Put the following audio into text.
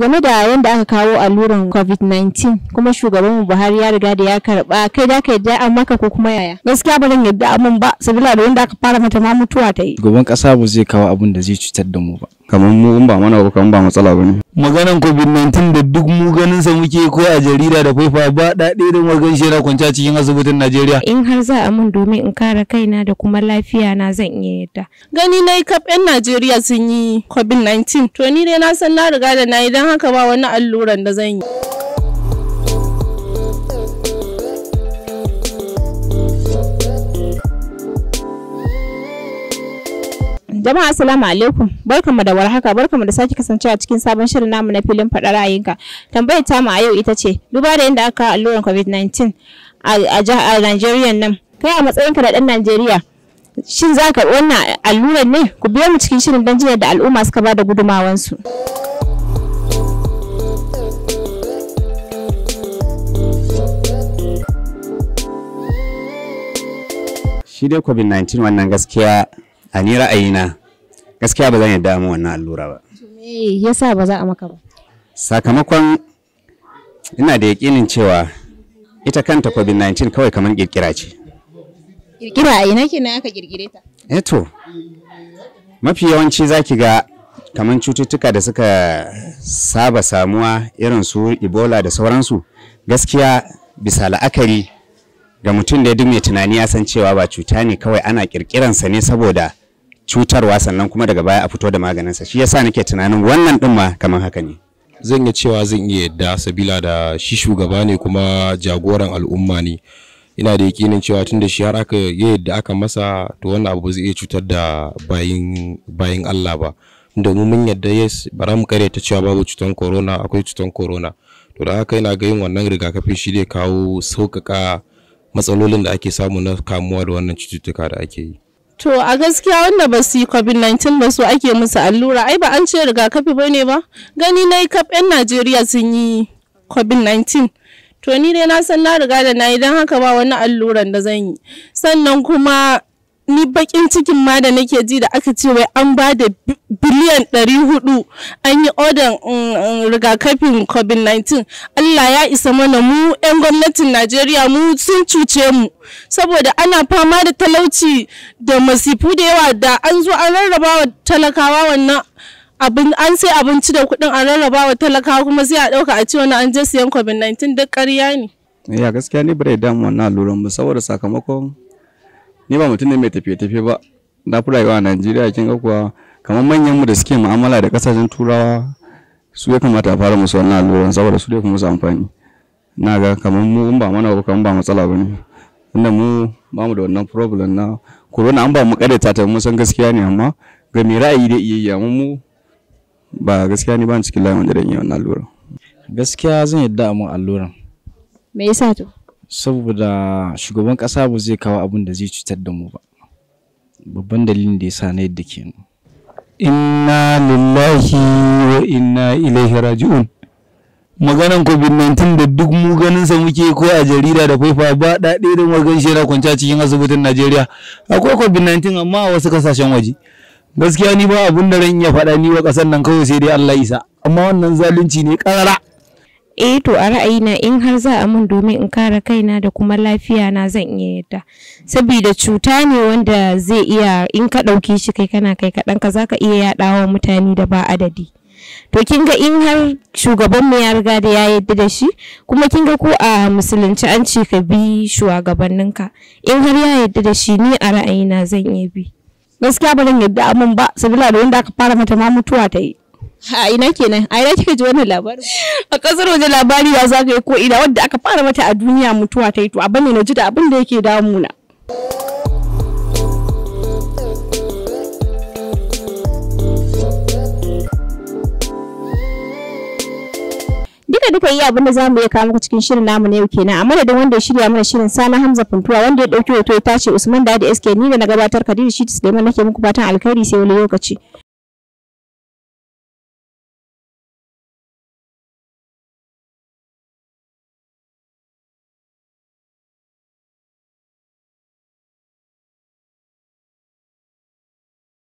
game da yadda aka kawo alluran covid-19 kuma shugaban buhari ya riga da ya karba kai da ka yadda an maka ko kuma yaya gaskiya ba zan yadda amin ba sabila da wanda aka fara mata ma mutuwa ta yi shugaban kasa ba zai kawo abun da zai cutar da mu ba kamar mu in ba mana ba kamar ba matsala ba ne. Maganan COVID-19 da duk mu ganin sa muke ko a jarida da faifa ba daɗe da magan shi yana kwanci cikin asibitin Najeriya. In har za a mun domin in kare kaina da kuma lafiya na zan iya yadda. Gani na yi kaf 'yan Najeriya sun yi COVID-19 to ni dai na san na riga da na yi don haka ba wani alluran da zan yi. Jama'a assalamu alaikum. Barkamu da warhaka, barkamu da sake kasancewa cikin sabon shirin namu na filin faɗa ra'ayinka. Tambayar ta mu a yau ita ce, duba da yadda aka alluran COVID-19 a jihar Najeriya nan. Kai a matsayinka da ɗan Najeriya, shin za ka wannan alluran ne? Ku biyo mu cikin shirin don jiya da al'umma suka ba da gudumawansu. Shi dai COVID-19 wannan gaskiya a ni ra'ayina gaskiya ba zan yarda mu wannan allura ba me yasa ba za a maka ba sakamakon ina da yakinin cewa ita kanta covid-19 kawai kamar kirkira ce kirkira a ina kenan aka kirkire ta eh to mafi yawanci zaki ga kamar cututtuka da suka saba samuwa irin su ebola da sauransu gaskiya bisa la'akari ga mutum da duk mai tunani ya san cewa ba cuta ne kawai ana kirkiransa ne saboda cutarwa sannan kuma daga baya a fito da maganin sa shi yasa nake tunanin wannan din ma kamar haka ne zan iya cewa zan iya yadda sabila da shi shugaba ne kuma jagoran al'umma ne ina da yakinin cewa tunda shi har aka yadda aka masa to wannan abu ba zai iya cutar da bayin bayin Allah ba domin mun yadda yes bara mu kare ta cewa babu cutar corona akwai cutar corona to da haka ina ga yin wannan rigakafin shi zai kawo sauƙaƙa matsalolin da ake samu na kamuwa da wannan cututtuka da ake yi To a gaskiya wanda ba su yi COVID-19 ba su ake musu allura, ai ba an ce rigakafi ba ne ba? Gani na yi kaf 'yan Najeriya sun yi COVID-19. To ni dai na san na riga da na yi don haka ba wani alluran da zan yi. Sannan kuma ni bakin cikin ma da nake ji da aka ce wai an ba da biliyan 400 an yi odan mm, mm, rigakafin covid-19 allah ya isa mana mu 'yan gwamnatin najeriya mu sun cuce mu saboda ana fama da talauci da masifu da yawa da an zo an rarraba wa talakawa wannan abin an sai abinci da kuɗin an rarraba wa talakawa kuma sai a ɗauka a ce wani an je siyan covid-19 duk ƙarya ne. ya gaskiya ni bai damu wannan alluran mu saboda sakamakon ni ba mutum ne mai tafiye-tafiye ba na fi rayuwa a najeriya kin ga kuwa kamar manyan mu da suke mu'amala da kasashen turawa su ya kamata a fara musu wannan alluran saboda su dai kuma su amfani na ga kamar mu in ba mana ba kamar ba matsala ba ne inda mu ba mu da wannan problem na corona an ba mu kadaita ta mun san gaskiya ne amma ga mai ra'ayi da iya yi mu ba gaskiya ne ba cikin layin wanda da yi wannan alluran gaskiya zan yadda a mun alluran me yasa to saboda shugaban kasa ba zai kawo abin da zai cutar da mu ba babban dalilin da ya sa na yadda ke inna lillahi wa inna ilaihi raji'un maganan covid-19 da duk mu ganin sa muke ko a jarida da faifa ba daɗe da magan shi na cikin asibitin najeriya akwai covid-19 amma a wasu kasashen waje gaskiya ni ba abin da ran iya faɗa ni wa ƙasar nan kawai sai dai allah isa amma wannan zalunci ne ƙarara eh to a ra'ayina in har za a mun domin in kare kaina da kuma lafiya na zan iya yadda saboda cuta ne wanda zai iya in ka ɗauki shi kai kana kai kaɗan ka zaka iya yaɗawa mutane da ba adadi to kin ga in har shugaban ya riga da ya yadda da shi kuma kin ga ko a musulunci an ce ka bi shugabanninka in har ya yadda da shi ni a ra'ayina zan iya bi gaskiya ba zan yadda amin ba sabila da wanda aka fara mata ma mutuwa ta yi A ina kenan, a ina kika ji wannan labarin? A ƙasar waje labari ya zagaye ko ina wadda aka fara mata a duniya mutuwa ta yi to abin ne na ji da abin da yake damuna. duka duka yi abin da zamu iya kawo muku cikin shirin namu na yau kenan a madadin wanda ya shirya mana shirin Sani hamza funtuwa wanda ya dauki hoto ya tace usman dadi sk ni da na gabatar khadija shi da nake muku fatan alkhairi sai wani lokaci